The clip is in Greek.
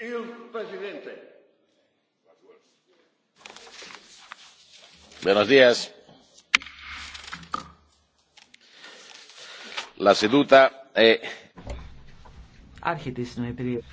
il presidente. Buenos días. La seduta è. Άρχεται η συνεδρία.